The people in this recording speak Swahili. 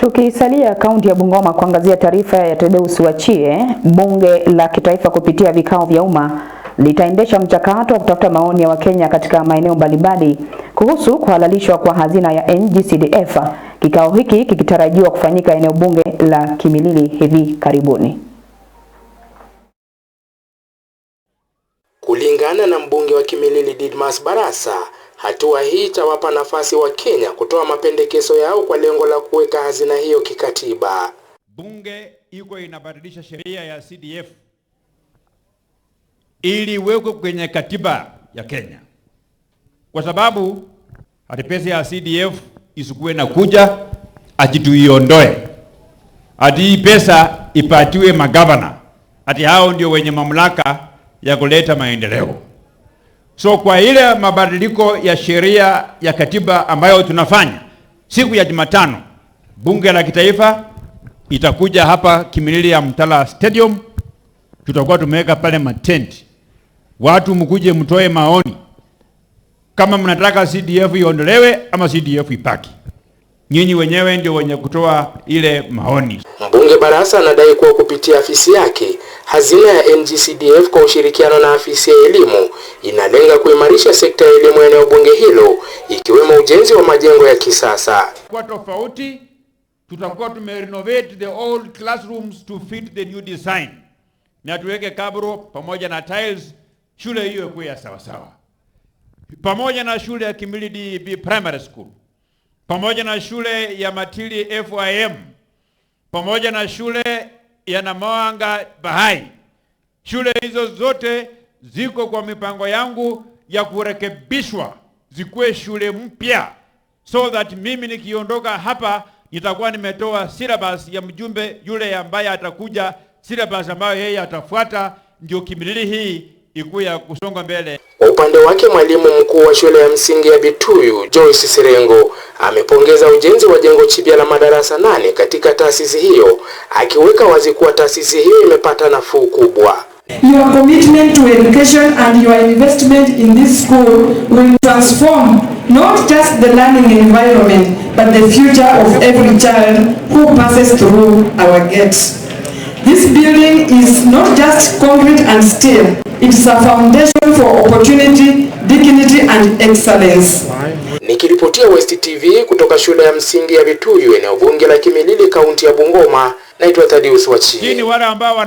Tukisalia kaunti ya Bungoma kuangazia taarifa ya Tedeus Wachie, bunge la kitaifa kupitia vikao vya umma litaendesha mchakato wa kutafuta maoni ya Wakenya katika maeneo mbalimbali kuhusu kuhalalishwa kwa hazina ya NGCDF, kikao hiki kikitarajiwa kufanyika eneo bunge la Kimilili hivi karibuni. Kulingana na mbunge wa Kimilili Didmas Barasa, Hatua hii itawapa nafasi wa kenya kutoa mapendekezo yao kwa lengo la kuweka hazina hiyo kikatiba. Bunge iko inabadilisha sheria ya CDF ili iwekwe kwenye katiba ya Kenya, kwa sababu hati pesa ya CDF isikuwe na kuja ati tuiondoe, ati hii pesa ipatiwe magavana, ati hao ndio wenye mamlaka ya kuleta maendeleo. So kwa ile mabadiliko ya sheria ya katiba ambayo tunafanya siku ya Jumatano, bunge la kitaifa itakuja hapa Kimilili ya Mtala Stadium, tutakuwa tumeweka pale matenti, watu mkuje mtoe maoni kama mnataka CDF iondolewe ama CDF ipaki. Nyinyi wenyewe ndio wenye kutoa ile maoni. Mbunge Barasa anadai kuwa kupitia afisi yake Hazina ya NGCDF kwa ushirikiano na afisi ya elimu inalenga kuimarisha sekta ya elimu eneo bunge hilo ikiwemo ujenzi wa majengo ya kisasa. Kwa tofauti tutakuwa tumerenovate the old classrooms to fit the new design na tuweke kabro pamoja na tiles, shule hiyo ikuwe ya sawasawa, pamoja na shule ya Kimili DEB Primary School, pamoja na shule ya Matili FIM, pamoja na shule yanamwanga bahai. Shule hizo zote ziko kwa mipango yangu ya kurekebishwa zikuwe shule mpya, so that mimi nikiondoka hapa nitakuwa nimetoa syllabus ya mjumbe yule ambaye atakuja, syllabus ambayo yeye atafuata, ndio kimilili hii ikuwe ya kusonga mbele. Kwa upande wake mwalimu mkuu wa shule ya msingi ya Bituyu Joyce Sirengo amepongeza ujenzi wa jengo jipya la madarasa nane katika taasisi hiyo, akiweka wazi kuwa taasisi hiyo imepata nafuu kubwa. Your commitment to education and your investment in this school will transform not just the learning environment but the future of every child who passes through our gates. This building is not just concrete and steel, it's a foundation for opportunity, dignity and excellence. Nikiripotia West TV kutoka shule ya msingi ya Vituyu eneo bunge la Kimilili kaunti ya Bungoma, naitwa Thadius Wachi. Hii ni wale ambao